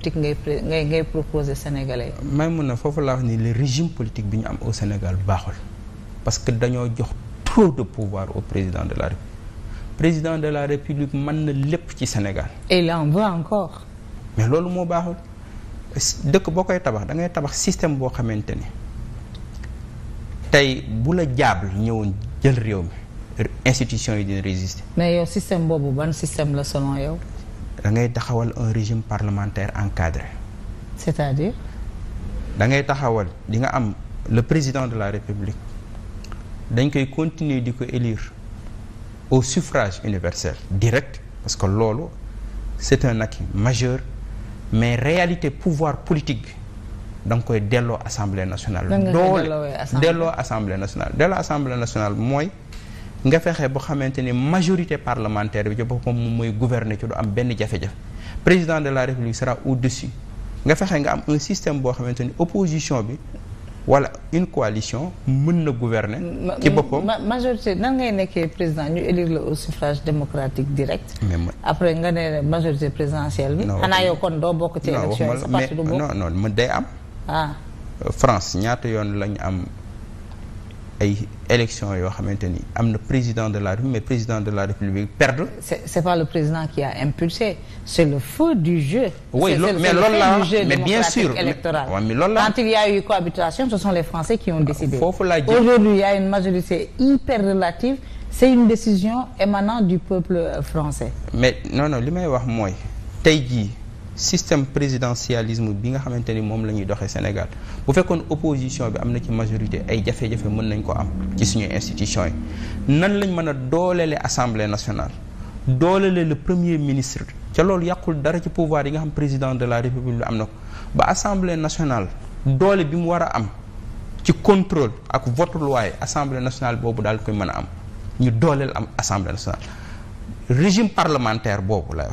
politique ngay ngay ngay proposer sénégalais yi. mun na foofu laa wax ni politique bi ñu am au Sénégal baaxul parce que dañoo jox trop de pouvoir au président de la République président de la République mën na lépp ci Sénégal. et il en veut encore. mais loolu moo baaxul dëkk boo koy tabax da ngay tabax système boo xamante ni tey bu la jaabul ñëwoon jël réew mi institution yi dina résister. mais yow système boobu ban système la selon yow. da ngay taxawal un régime parlementaire encadré. c'est-à-dire. da ngay taxawal di nga am le président de la république dañ koy continuer di ko élire au suffrage universel direct parce que loolu c'est un acquis majeur mais réalité pouvoir politique bi koy delloo assemblée nationale. doole delloo assemblée nationale delloo assemblée nationale mooy. nga fexe boo xamante ni majorité parlementaire bi ci boppam moom mooy gouverner ci du am benn jafe-jafe président de la république sera au-dessus nga fexe nga am un système boo xamante ni opposition bi wala une coalition mën na gouverner. ci boppam majorité nan ngay nekkee président ñu élire la au suffrage démocratique direct. après nga ne majorité présidentielle bi. xanaa yow kon doo bokk ci élection yi. sa parti du day am. ah France ñaata yoon lañu am. ay élections yoo xamante ni am na président de la République mais président de la République perdre. c'est c'est pas le président qui a impulsé c'est le feu du jeu. oui loolu mais loolu la mais bien sûr électoral. mais mais loolu il y a eu cohabitation ce sont les Français qui ont décidé. Ah, foofu laa aujourd'hui y a une majorité hyper relative c'est une décision émanant du peuple français. mais non non li may wax mooy te jii. système présidentialisme bi nga xamante ni moom la ñuy doxee Sénégal bu fekkoon opposition bi am na ci majorité ay jafe-jafe mën nañ ko am ci suñu institution yi nan lañ mën a dooleele assemblée nationale dooleele le premier ministre ca loolu yàqul dara ci pouvoir yi nga xam président de la république bi am na ko ba assemblée nationale doole bi mu war a am ci contrôle ak vote loi assemblée nationale boobu daal koy mën a am ñu dooleel am assemblée nationale régime parlementaire boobu lay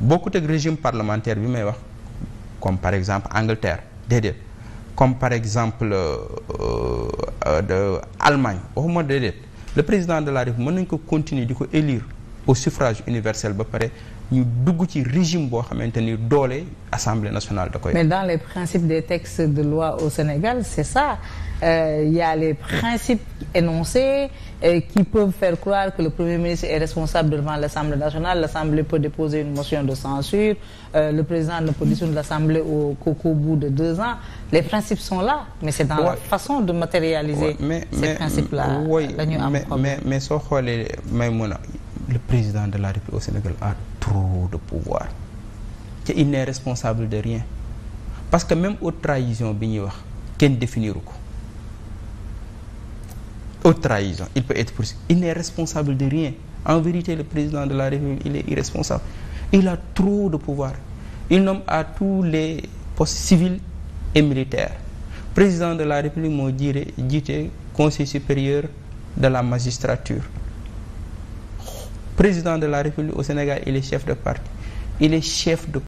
bokkut ak régime parlementaire bi may wax comme par exemple Angleterre déedéet comme par exemple euh, euh, de Allemagne waxuma déedéet le président de la République mën nañ ko continuer di ko élire au suffrage universel ba pare ñu dugg ci régime boo xamante ni doole assemblée nationale da koy. mais dans les principes des textes de loi au Sénégal c'est ça euh, y a les principes énoncés euh, qui peuvent faire croire que le premier ministre est responsable devant l'Assemblée nationale l'Assemblée peut déposer une motion de censure euh, le président ne peut dissoudre l'Assemblée au qu'au bout de deux ans les principes sont là mais c'est dans la façon de matérialiser mais, ces mais, principes la ñu am mais mais mais soo xoolee Maïmouna le président de la République au Sénégal a trop de pouvoir te il n'est responsable de rien parce que même haute trahison bi ñuy wax kenn définiru ko haute trahison il peut être poursuivi il n'est responsable de rien en vérité le président de la République il est irresponsable il a trop de pouvoir il nomme à tous les postes civils et militaires président de la République moo jiire jiite conseil supérieur de la magistrature président de la République au Sénégal il est chef de parti il est chef de